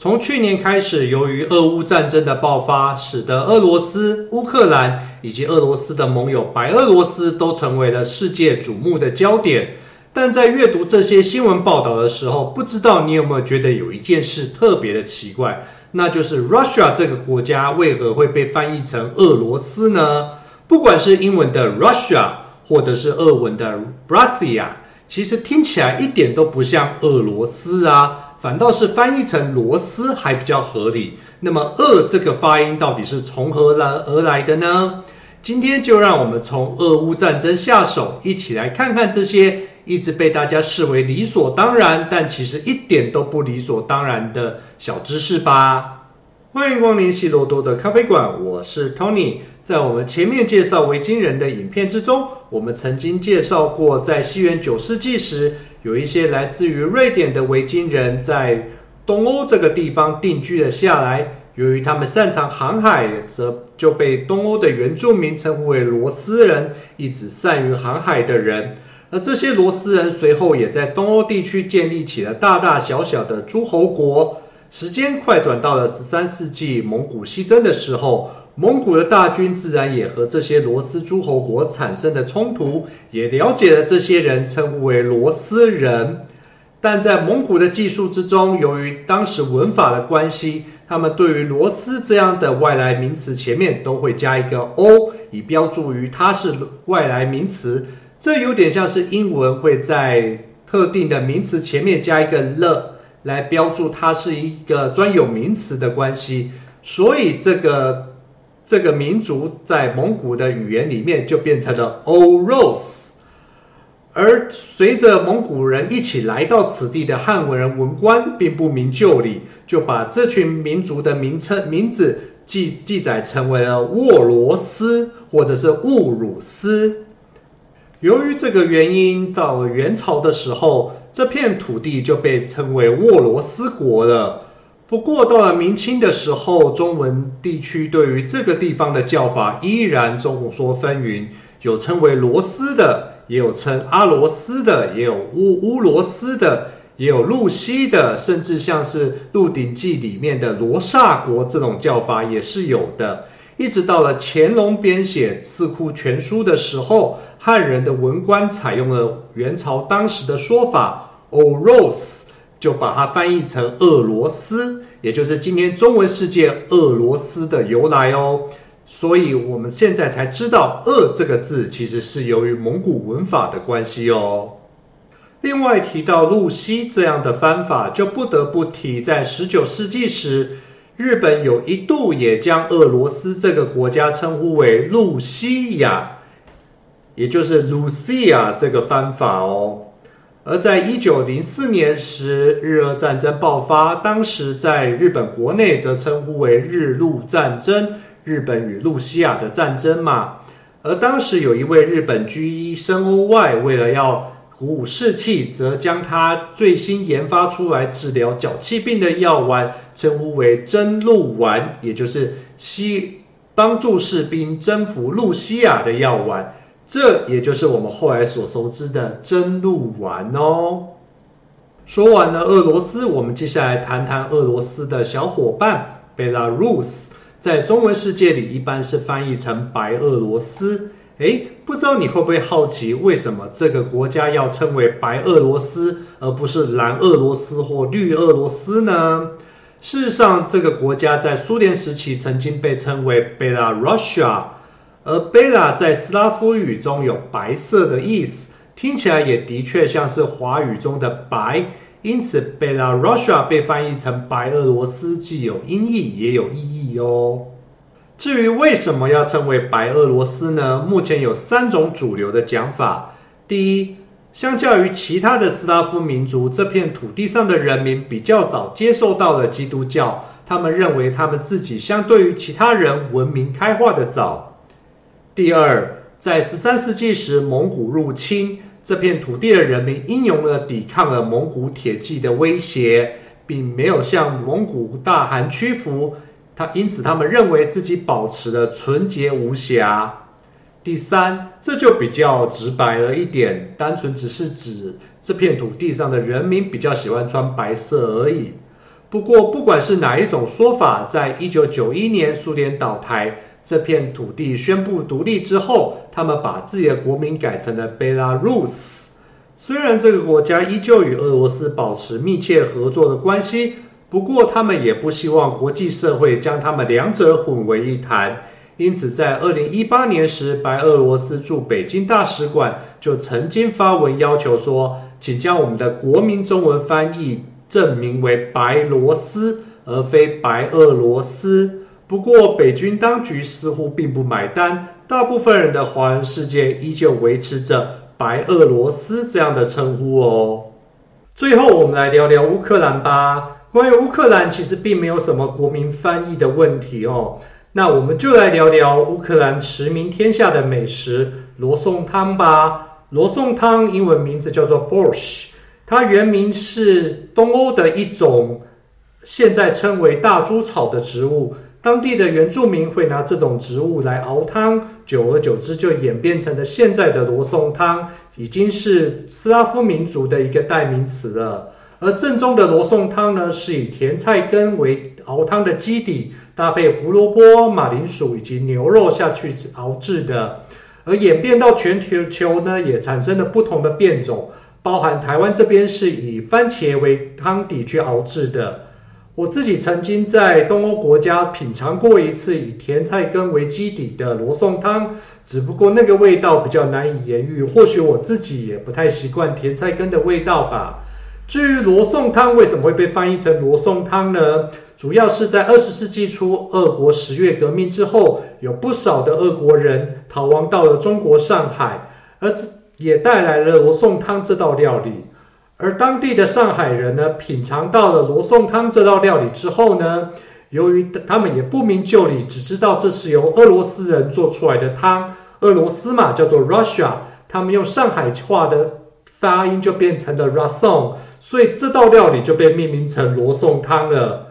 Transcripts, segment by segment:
從去年開始，由於俄烏戰爭的爆發，使得俄羅斯、烏克蘭以及俄羅斯的盟友白俄羅斯都成為了世界矚目的焦點。但在閱讀這些新聞報道的時候，不知道你有沒有覺得有一件事特別的奇怪，那就是 Russia 這個國家為何會被翻譯成俄羅斯呢？不管是英文的 Russia，或者是俄文的 Россия，其實聽起來一點都不像俄羅斯啊。反倒是翻譯成螺絲還比較合理。那麼「俄」這個發音到底是從何來而來的呢？今天就讓我們從俄烏戰爭下手，一起來看看這些一直被大家視為理所當然，但其實一點都不理所當然的小知識吧。歡迎光臨西羅多的咖啡館，我是 Tony。在我們前面介紹維京人的影片之中，我們曾經介紹過，在西元九世紀時，有一些來自於瑞典的維京人在東歐這個地方定居了下來。由於他們擅長航海，則就被東歐的原住民稱呼為羅斯人，意指善於航海的人。而這些羅斯人隨後也在東歐地區建立起了大大小小的諸侯國。時間快轉到了十三世紀，蒙古西征的時候。蒙古的大軍自然也和這些羅斯諸侯國產生了衝突，也了解了這些人稱呼為“羅斯人”，但在蒙古的記述之中，由於當時文法的關係，他們對於“羅斯”這樣的外來名詞前面都會加一個 “o”，以標註於它是外來名詞。這有點像是英文會在特定的名詞前面加一個 “le” 來標註它是一個專有名詞的關係，所以這個。這個民族在蒙古的語言裡面就變成了 Oros，而隨着蒙古人一起來到此地的漢文人文官並不明就裡，就把這群民族的名稱名字記記載成為了沃羅斯或者是烏魯斯。由於這個原因，到元朝的時候，這片土地就被稱為沃羅斯國了。不過到了明清的時候，中文地區對於這個地方的叫法依然眾說紛紜，有稱為羅斯的，也有稱阿羅斯的，也有烏烏羅斯的，也有露西的，甚至像是《鹿鼎記》裡面的羅剎國這種叫法也是有的。一直到了乾隆編寫《四庫全書》的時候，漢人的文官採用了元朝當時的說法 “Oros”。O Rose, 就把它翻譯成俄羅斯，也就是今天中文世界俄羅斯的由來哦。所以我們現在才知道“俄”這個字其實是由於蒙古文法的關係哦。另外提到“露西”這樣的翻法，就不得不提，在十九世紀時，日本有一度也將俄羅斯這個國家稱呼為“露西亞”，也就是“露西亞”這個翻法哦。而在一九零四年時，日俄戰爭爆發，當時在日本國內則稱呼為日露戰爭，日本與露西亞的戰爭嘛。而當時有一位日本軍醫森鷗外，為了要鼓舞士氣，則將他最新研發出來治療腳氣病的藥丸，稱呼為“征露丸”，也就是西，幫助士兵征服露西亞的藥丸。這也就是我們後來所熟知的真鹿丸哦。說完了俄羅斯，我們接下來談談俄羅斯的小夥伴 Belarus，在中文世界裡一般是翻譯成白俄羅斯。誒，不知道你會不會好奇，為什麼這個國家要稱為白俄羅斯，而不是藍俄羅斯或綠俄羅斯呢？事實上，這個國家在蘇聯時期曾經被稱為 Belarusia。而貝拉在斯拉夫語中有“白色”的意思，聽起來也的確像是華語中的“白”。因此貝拉 Russia 被翻譯成“白俄羅斯”，既有音譯也有意譯哦。至於為什麼要稱為“白俄羅斯”呢？目前有三種主流的講法：第一，相較於其他的斯拉夫民族，這片土地上的人民比較少接受到了基督教，他們認為他們自己相對於其他人文明開化的早。第二，在十三世紀時，蒙古入侵這片土地的人民英勇地抵抗了蒙古鐵騎的威脅，並沒有向蒙古大汗屈服。他因此，他們認為自己保持了純潔無瑕。第三，這就比較直白了一點，單純只是指這片土地上的人民比較喜歡穿白色而已。不過，不管是哪一種說法，在一九九一年蘇聯倒台，這片土地宣布獨立之後，他們把自己的國名改成了 Belarus。雖然這個國家依舊與俄羅斯保持密切合作的關係，不過他們也不希望國際社會將他們兩者混為一談。因此，在二零一八年時，白俄羅斯駐北京大使館就曾經發文要求說：“請將我們的國名中文翻譯正名為白羅斯，而非白俄羅斯。”不過，北京當局似乎並不買單，大部分人的華人世界依舊維持着“白俄羅斯”這樣的稱呼哦。最後，我們來聊聊烏克蘭吧。關於烏克蘭，其實並沒有什麼國民翻譯的問題哦。那我們就來聊聊烏克蘭馳名天下的美食——羅宋湯吧。羅宋湯英文名字叫做 Borscht，它原名是東歐的一種，現在稱為大豬草的植物。當地的原住民會拿這種植物來熬湯，久而久之就演變成了現在的羅宋湯，已經是斯拉夫民族的一個代名詞了。而正宗的羅宋湯呢，是以甜菜根為熬湯的基底，搭配胡蘿蔔、馬鈴薯以及牛肉下去熬制的。而演變到全球呢，也產生了不同的變種，包含台灣這邊是以番茄為湯底去熬制的。我自己曾經在東歐國家品嘗過一次以甜菜根為基底的羅宋湯，只不過那個味道比較難以言喻，或許我自己也不太習慣甜菜根的味道吧。至於羅宋湯為什麼會被翻譯成羅宋湯呢？主要是在二十世紀初，俄國十月革命之後，有不少的俄國人逃亡到了中國上海，而這也帶來了羅宋湯這道料理。而當地的上海人呢，品嘗到了羅宋湯這道料理之後呢，由於他們也不明就裡，只知道這是由俄羅斯人做出來的湯。俄羅斯嘛，叫做 Russia，他們用上海話的發音就變成了 Rasong，所以這道料理就被命名成羅宋湯了。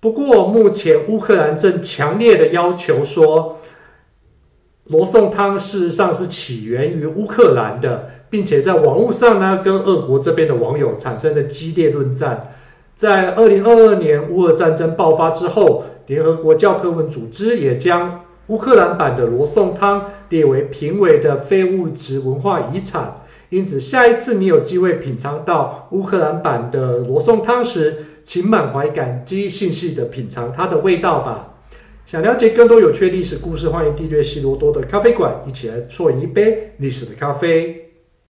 不過目前烏克蘭正強烈的要求說，羅宋湯事實上是起源於烏克蘭的。並且在網絡上呢，跟俄國這邊的網友產生了激烈論戰。在二零二二年烏俄戰爭爆發之後，聯合國教科文組織也將烏克蘭版的羅宋湯列為瀕危的非物質文化遺產。因此，下一次你有機會品嘗到烏克蘭版的羅宋湯時，請滿懷感激、欣喜地品嘗它的味道吧。想了解更多有趣的歷史故事，歡迎訂閱西羅多的咖啡館，一起啜飲一杯歷史的咖啡。